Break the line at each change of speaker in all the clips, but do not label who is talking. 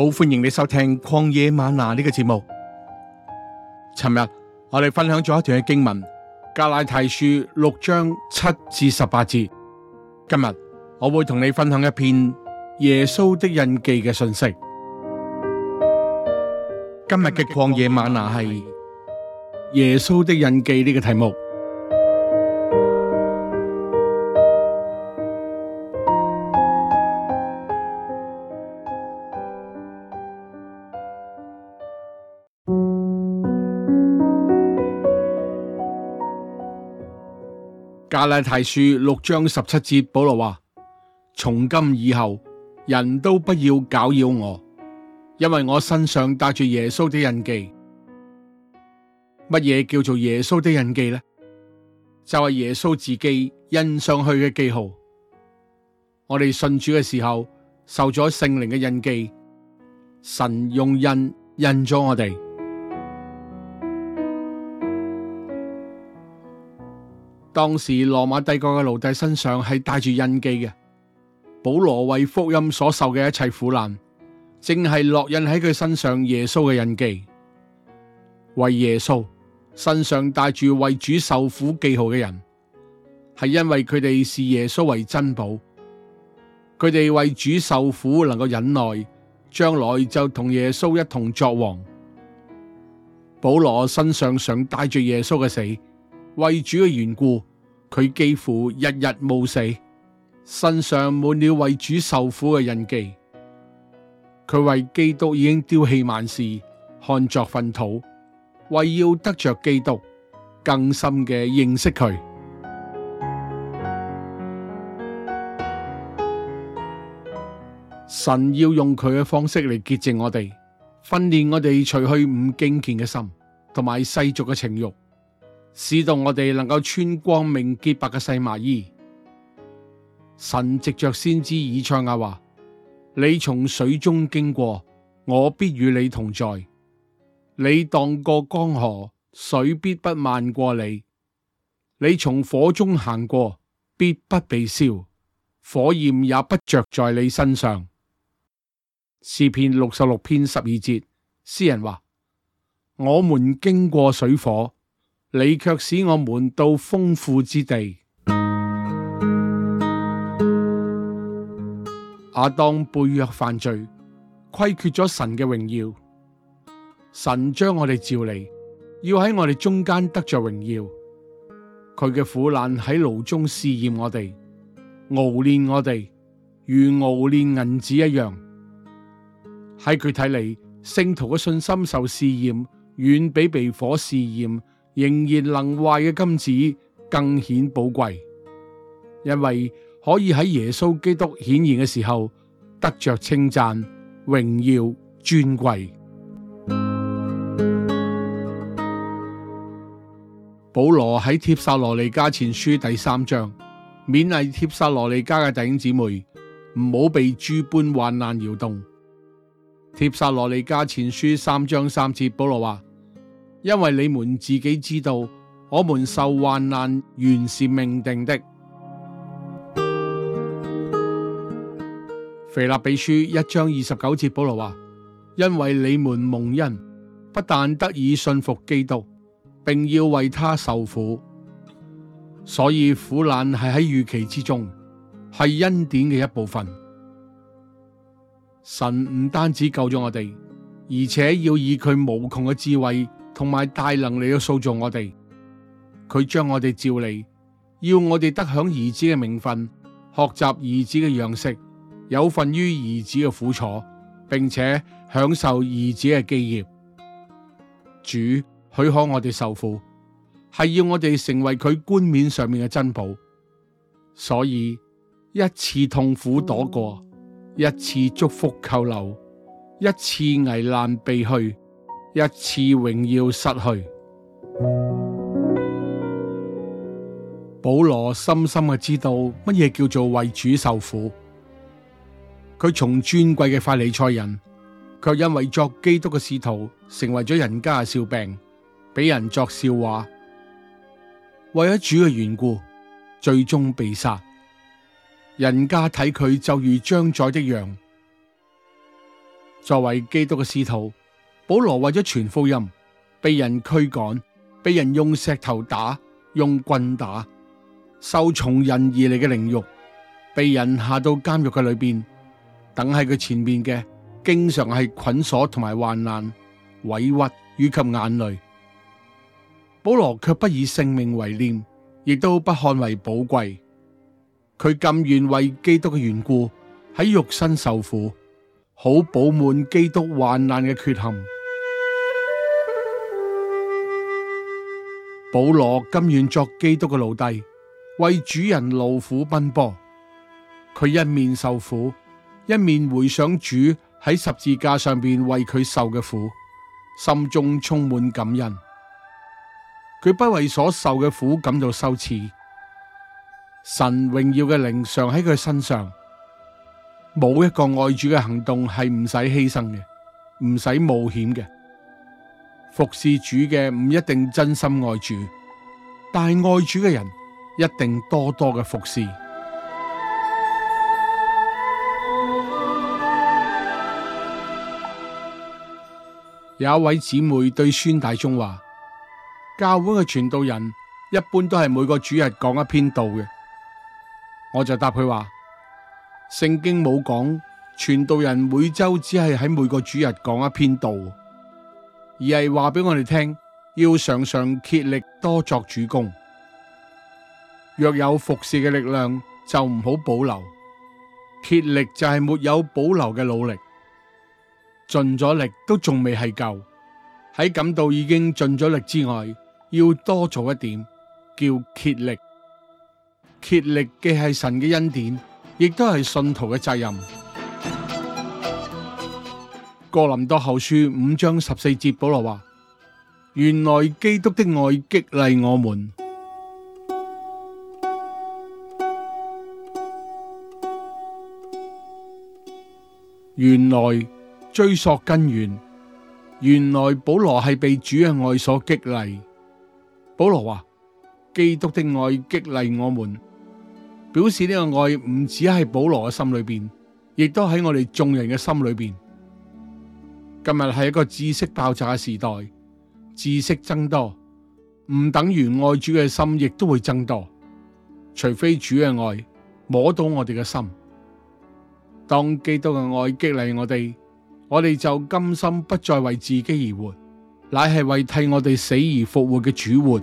好歡迎你收聽曠野嗎哪呢、這個節目。尋日我哋分享咗一段嘅經文，加拉太書六章七至十八節。今日我會同你分享一篇耶穌的印記嘅信息。今日嘅曠野嗎哪係耶穌的印記呢個題目。加拉太書六章十七節，保羅話，從今以後，人都不要攪擾我，因為我身上帶住耶穌的印記。乜嘢叫做耶穌的印記咧？就係、是、耶穌自己印上去嘅記號。我哋信主嘅時候，受咗聖靈嘅印記，神用印印咗我哋。當時羅馬帝國嘅奴隸身上係帶住印記嘅。保羅為福音所受嘅一切苦難，正係烙印喺佢身上耶穌嘅印記。為耶穌身上帶住為主受苦記號嘅人，係因為佢哋視耶穌為珍寶。佢哋為主受苦，能夠忍耐，將來就同耶穌一同作王。保羅身上常帶住耶穌嘅死。為主嘅緣故，佢幾乎日日冒死，身上滿了為主受苦嘅印記。佢為基督已經丟棄萬事，看作糞土，為要得着基督更深嘅認識佢。神要用佢嘅方式嚟潔淨我哋，訓練我哋除去唔敬虔嘅心，同埋世俗嘅情欲。使到我哋能夠穿光明潔白嘅細麻衣。神藉着先知以賽亞話：你從水中經過，我必與你同在；你趟過江河，水必不漫過你；你從火中行過，必不被燒，火焰也不着在你身上。詩篇六十六篇十二節，詩人話：我們經過水火。你卻使我們到豐富之地。亞當背約犯罪，虧缺咗神嘅榮耀。神將我哋召嚟，要喺我哋中間得着榮耀。佢嘅苦難喺爐中試驗我哋，熬煉我哋，如熬煉銀子一樣。喺佢睇嚟，聖徒嘅信心受試驗，遠比被火試驗。仍然能壞嘅金子更顯寶貴，因為可以喺耶穌基督顯現嘅時候得着稱讚、榮耀、尊貴。保羅喺帖撒羅尼迦前書第三章勉勵帖撒羅尼迦嘅弟兄姊妹，唔好被諸般患難搖動。帖撒羅尼迦前書三章三節，保羅話。因為你們自己知道，我們受患難原是命定的。腓立比書一章二十九節，保羅話：因為你們蒙恩，不但得以信服基督，並要為他受苦，所以苦難係喺預期之中，係恩典嘅一部分。神唔單止救咗我哋，而且要以佢無窮嘅智慧。同埋大能力嘅塑造我哋，佢將我哋召嚟，要我哋得享兒子嘅名分，學習兒子嘅樣式，有份於兒子嘅苦楚，並且享受兒子嘅基業。主許可我哋受苦，係要我哋成為佢冠冕上面嘅珍寶。所以一次痛苦躲過，一次祝福扣留，一次危難避去，一次榮耀失去，保羅深深嘅知道乜嘢叫做為主受苦。佢從尊貴嘅法利賽人，卻因為作基督嘅使徒，成為咗人家嘅笑柄，俾人作笑話。為咗主嘅緣故，最終被殺。人家睇佢就如將宰嘅羊一樣，作為基督嘅使徒，保羅為咗傳福音，被人驅趕，被人用石頭打、用棍打，受從人而嚟嘅凌辱，被人下到監獄嘅裏邊，等喺佢前面嘅，經常係捆鎖同埋患難、委屈以及眼淚。保羅卻不以性命為念，亦都不看為寶貴，佢甘願為基督嘅緣故，喺肉身受苦，好補滿基督患難嘅缺陷。保羅甘願作基督嘅奴隸，為主人勞苦奔波。佢一面受苦，一面回想主喺十字架上邊為佢受嘅苦，心中充滿感恩。佢不為所受嘅苦感到羞恥。神榮耀嘅靈常喺佢身上，冇一個愛主嘅行動係唔使犧牲嘅，唔使冒險嘅。服侍主嘅唔一定真心愛主，但係愛主嘅人一定多多嘅服侍。 有一位姊妹對孫大中話：教會嘅傳道人一般都係每個主日講一篇道嘅。我就答佢話：聖經冇講傳道人每周只係喺每個主日講一篇道。而係話俾我哋聽，要常常竭力多作主工。若有服侍嘅力量，就唔好保留。竭力就係沒有保留嘅努力。盡咗力都仲未係夠，喺感到已經盡咗力之外，要多做一點，叫竭力。竭力既係神嘅恩典，亦都係信徒嘅責任。哥林多後書五章十四節，保羅話：原來基督的愛激勵我們。原來追溯根源，原來保羅係被主嘅愛所激勵。保羅話：基督的愛激勵我們，表示呢個愛唔止係保羅嘅心裏邊，亦都喺我哋眾人嘅心裏邊。今日係一個知識爆炸嘅時代，知識增多，唔等於愛主嘅心亦都會增多，除非主嘅愛摸到我哋嘅心。當基督嘅愛激勵我哋，我哋就甘心不再為自己而活，乃係為替我哋死而復活嘅主活。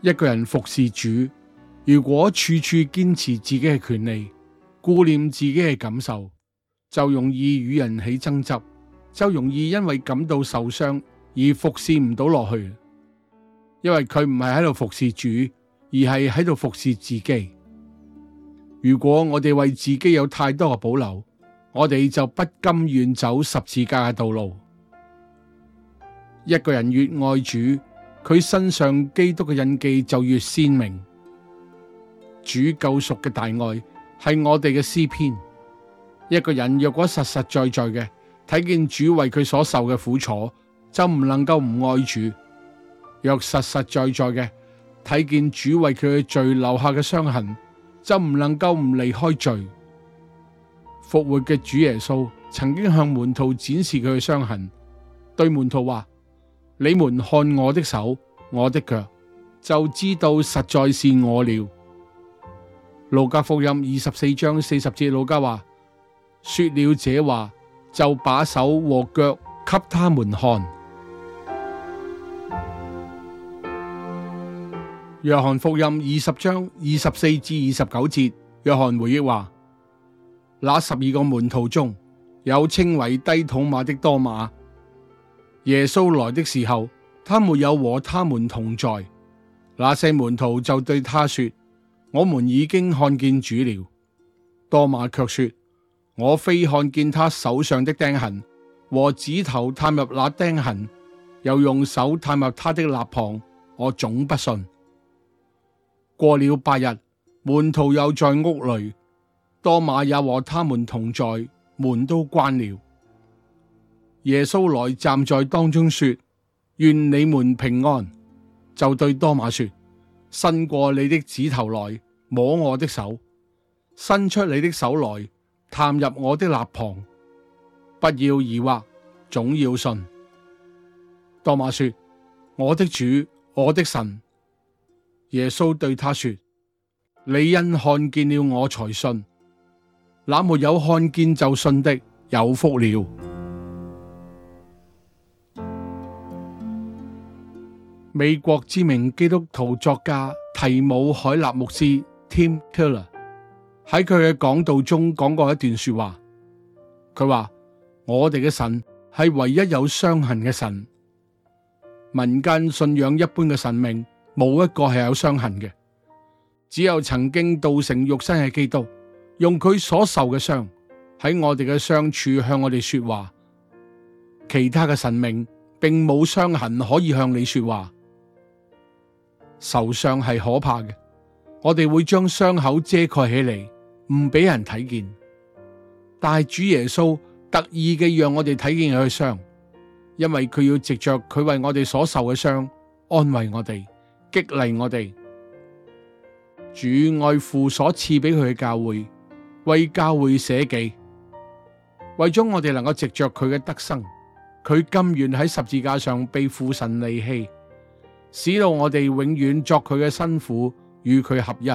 一個人服侍主，如果處處堅持自己嘅權利，顧念自己嘅感受，就容易與人起爭執，就容易因為感到受傷而服侍唔到落去。因為佢唔係喺度服侍主，而係喺度服侍自己。如果我哋為自己有太多嘅保留，我哋就不甘願走十字架嘅道路。一個人越愛主，佢身上基督嘅印記就越鮮明。主救贖嘅大愛。係我哋嘅詩篇，一個人若果實實在在嘅睇見主為佢所受嘅苦楚，就唔能夠唔愛主；若實實在在嘅睇見主為佢嘅罪留下嘅傷痕，就唔能夠唔離開罪。復活嘅主耶穌曾經向門徒展示佢嘅傷痕，對門徒話：你們看我的手、我的腳，就知道實在是我了。路加福音二十四章四十節，路加話：說了這話，就把手和腳給他們看。約翰福音二十章二十四至二十九節，約翰回憶話：那十二個門徒中有稱為低土馬的多馬，耶穌來的時候，他沒有和他們同在。那些門徒就對他說。我們已經看見主了，多馬卻說：我非看見他手上的釘痕和指頭探入那釘痕，又用手探入他的肋旁，我總不信。過了八日，門徒又在屋裏，多馬也和他們同在，門都關了。耶穌來站在當中說：願你們平安！就對多馬說。伸過你的指頭來摸我的手，伸出你的手來探入我的肋旁，不要疑惑，總要信。多馬說：我的主，我的神。耶穌對他說：你因看見了我才信，那沒有看見就信的有福了。美國知名基督徒作家提姆·海納牧師 （Tim Keller） 喺佢嘅講道中講過一段說話，佢話：我哋嘅神係唯一有傷痕嘅神，民間信仰一般嘅神明冇一個係有傷痕嘅，只有曾經道成肉身嘅基督，用佢所受嘅傷喺我哋嘅傷處向我哋說話。其他嘅神明並冇傷痕可以向你說話。受傷係可怕嘅，我哋會將傷口遮蓋起嚟，唔俾人睇見。但係主耶穌特意嘅讓我哋睇見佢嘅傷，因為佢要藉着佢為我哋所受嘅傷安慰我哋，激勵我哋。主愛父所賜俾佢嘅教會，為教會捨己，為咗我哋能夠藉着佢嘅得生，佢甘願喺十字架上被父神離棄。使到我哋永遠作佢嘅辛苦與佢合一。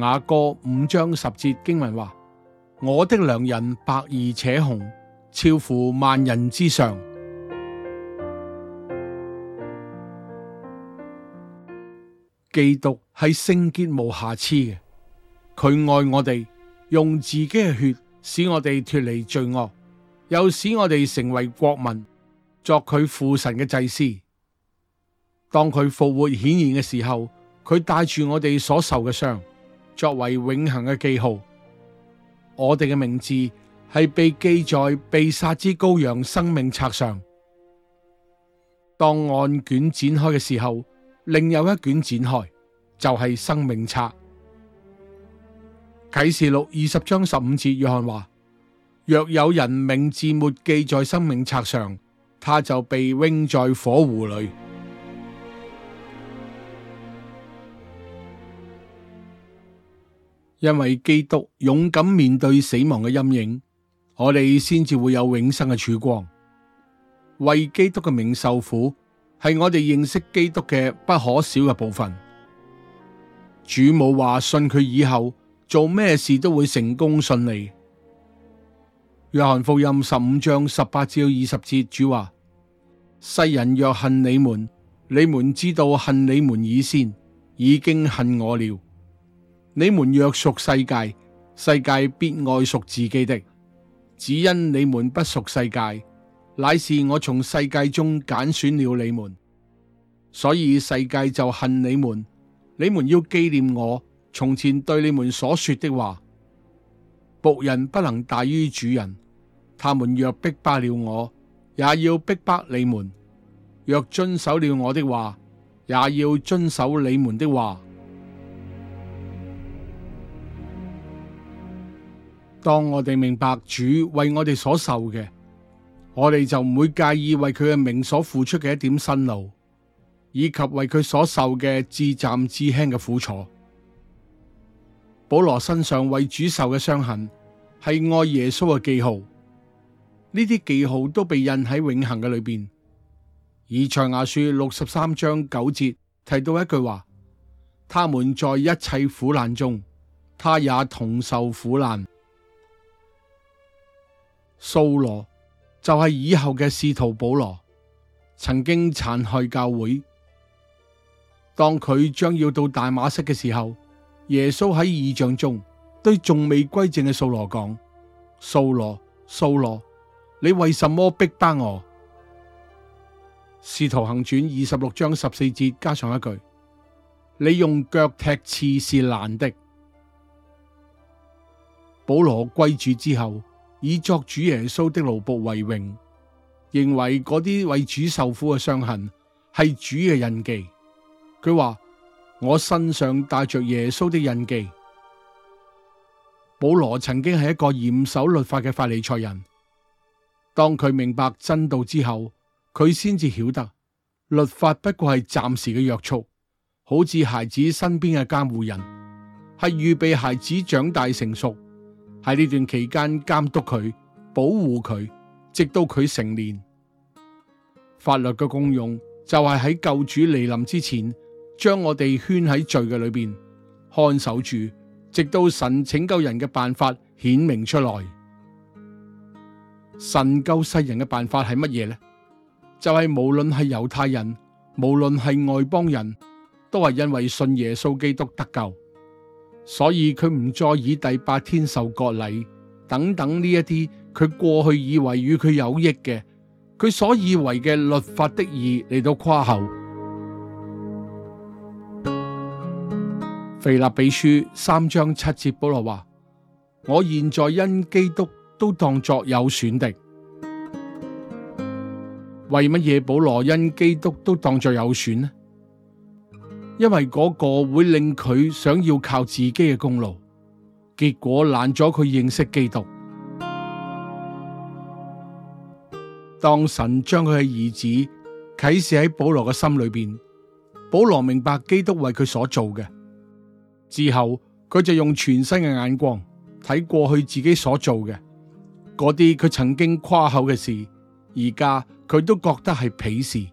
雅歌五章十節經文話：我的良人白而且紅，超乎萬人之上。基督係聖潔無瑕疵嘅，佢愛我哋，用自己嘅血使我哋脫離罪惡，又使我哋成為國民，作佢父神嘅祭司。當佢復活顯現嘅時候，佢帶住我哋所受嘅傷，作為永恒嘅記號。我哋嘅名字係被記在被殺之羔羊生命冊上。當案卷展開嘅時候，另有一卷展開，就係、是、生命冊。啟示錄二十章十五節，約翰話：若有人名字沒記在生命冊上，他就被扔在火湖裏。因為基督勇敢面對死亡嘅陰影，我哋先至會有永生嘅曙光。為基督嘅名受苦係我哋認識基督嘅不可少嘅部分。主冇話信佢以後做咩事都會成功順利。約翰福音十五章十八至二十節，主話：世人若恨你們，你們知道恨你們以先，已經恨我了。你們若屬世界，世界必愛屬自己的；只因你們不屬世界，乃是我從世界中揀選了你們。所以世界就恨你們。你們要紀念我從前對你們所說的話：僕人不能大於主人。他們若逼迫了我，也要逼迫你們；若遵守了我的話，也要遵守你們的話。當我哋明白主為我哋所受嘅，我哋就唔會介意為佢嘅名所付出嘅一點辛勞，以及為佢所受嘅至暫至輕嘅苦楚。保羅身上為主受嘅傷痕係愛耶穌嘅記號，呢啲記號都被印喺永恒嘅裏邊。而《以賽亞書》六十三章九節提到一句話：他們在一切苦難中，他也同受苦難。掃羅就係、是、以後嘅使徒保羅，曾經殘害教會。當佢將要到大馬色嘅時候，耶穌喺異象中對仲未歸正嘅掃羅講：掃羅，掃羅，你為什麼逼迫我？使徒行傳二十六章十四節，加上一句：你用腳踢刺是難的。保羅歸主之後。以作主耶穌的奴僕為榮，認為嗰啲為主受苦嘅傷痕係主嘅印記。佢話：我身上帶着耶穌的印記。保羅曾經係一個嚴守律法嘅法利賽人，當佢明白真道之後，佢先至曉得律法不過係暫時嘅約束，好似孩子身邊嘅監護人，係預備孩子長大成熟。喺呢段期間監督佢，保護佢，直到佢成年。法律嘅功用就係喺救主嚟臨之前，將我哋圈喺罪嘅裏邊，看守住，直到神拯救人嘅辦法顯明出來。神救世人嘅辦法係乜嘢呢？就係無論係猶太人，無論係外邦人，都係因為信耶穌基督得救。所以佢唔再以第八天受割禮等等呢一啲佢過去以為與佢有益嘅，佢所以為嘅律法的義嚟到誇口。腓立比書三章七節，保羅話：我現在因基督都當作有選的。為乜嘢保羅因基督都當作有選呢？因為嗰個會令佢想要靠自己嘅功勞，結果攔咗佢認識基督。當神將佢嘅兒子啟示喺保羅嘅心裏邊，保羅明白基督為佢所做嘅，之後佢就用全新嘅眼光睇過去自己所做嘅嗰啲佢曾經誇口嘅事，而家佢都覺得係鄙視，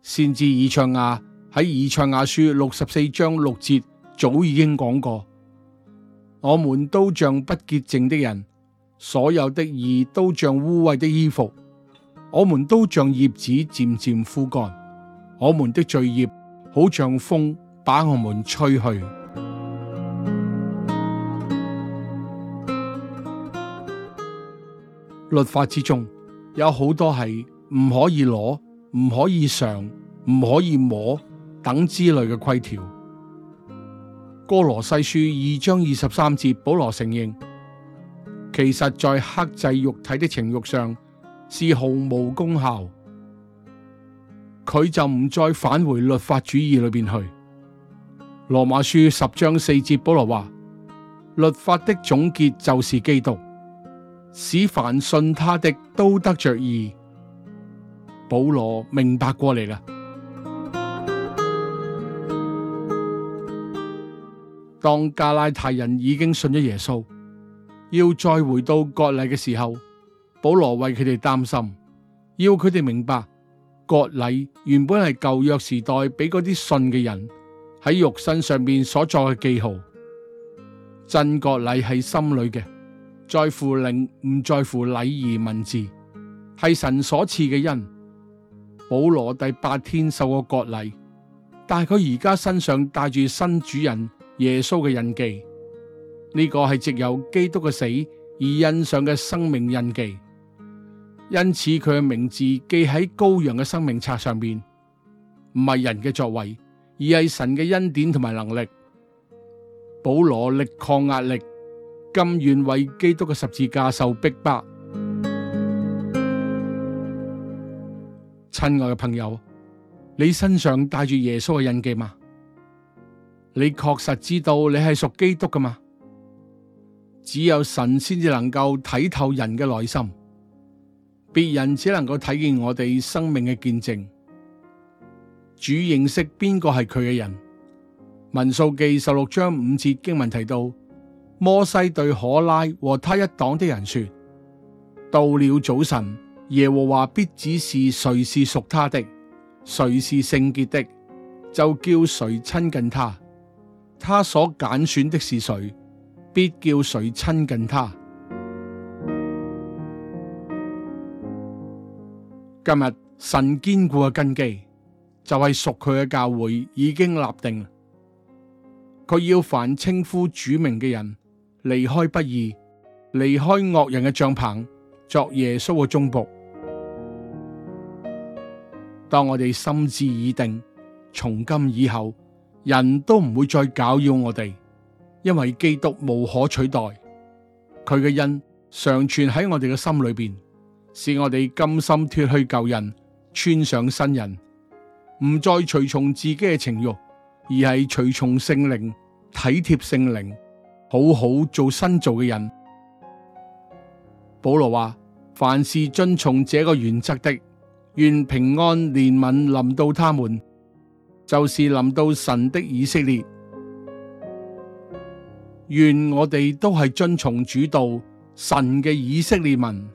先至以唱亞。喺以賽亞書六十四章六節早已經講過，我們都像不潔淨的人，所有的義都像污穢的衣服，我們都像葉子漸漸枯乾，我們的罪孽好像風把我們吹去。 律法之中有好多係唔可以攞、唔可以嘗、唔可以摸。等之類嘅規條，哥羅西書二章二十三節，保羅承認，其實在克制肉體的情慾上是毫無功效。佢就唔再返回律法主義裏邊去。羅馬書十章四節，保羅話：律法的總結就是基督，使凡信他的都得着義。保羅明白過嚟啦。當加拉太人已經信咗耶穌，要再回到割禮嘅時候，保羅為佢哋擔心，要佢哋明白割禮原本係舊約時代俾嗰啲信嘅人喺肉身上邊所作嘅記號。真割禮係心裏嘅，在乎靈唔在乎禮儀文字，係神所賜嘅恩。保羅第八天受過割禮，但係佢而家身上帶住新主人。耶穌嘅印記，呢個係藉由基督嘅死而印上嘅生命印記。因此佢嘅名字記喺羔羊嘅生命冊上面，唔係人嘅作為，而係神嘅恩典同埋能力。保羅力抗壓力，甘願為基督嘅十字架受逼迫。親愛嘅朋友，你身上帶住耶穌嘅印記嗎？你確實知道你係屬基督㗎嘛？只有神先至能夠睇透人嘅內心，別人只能夠睇見我哋生命嘅見證。主認識邊個係佢嘅人。民數記十六章五節經文提到：摩西對可拉和他一黨的人說，到了早晨，耶和華必指示誰是屬他的，誰是聖潔的，就叫誰親近他。他所揀選，選的是誰，必叫誰親近他。今日神堅固嘅根基就係屬佢嘅教會已經立定，佢要凡稱呼主名嘅人離開不義，離開惡人嘅帳棚，作耶穌嘅忠僕。當我哋心志已定，從今以後。人都唔會再攪擾我哋，因為基督無可取代，佢嘅恩常存喺我哋嘅心裏邊，使我哋甘心脫去舊人，穿上新人，唔再隨從自己嘅情欲，而係隨從聖靈，體貼聖靈，好好做新造嘅人。保羅話：凡事遵從這個原則的，願平安憐憫臨到他們。就是臨到神的以色列，願我哋都係遵從主道，神嘅以色列民。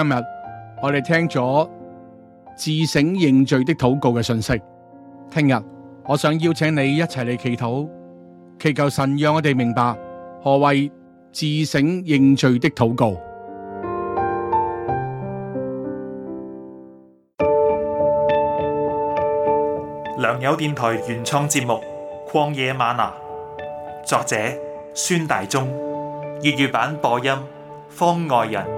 今日我哋聽咗自省認罪的禱告嘅信息，聽日我想邀請你一齊嚟祈禱，祈求神讓我哋明白何謂自省認罪的禱告。良友電台原創節目《曠野嗎哪》，作者孫大中，粵語版播音方外人。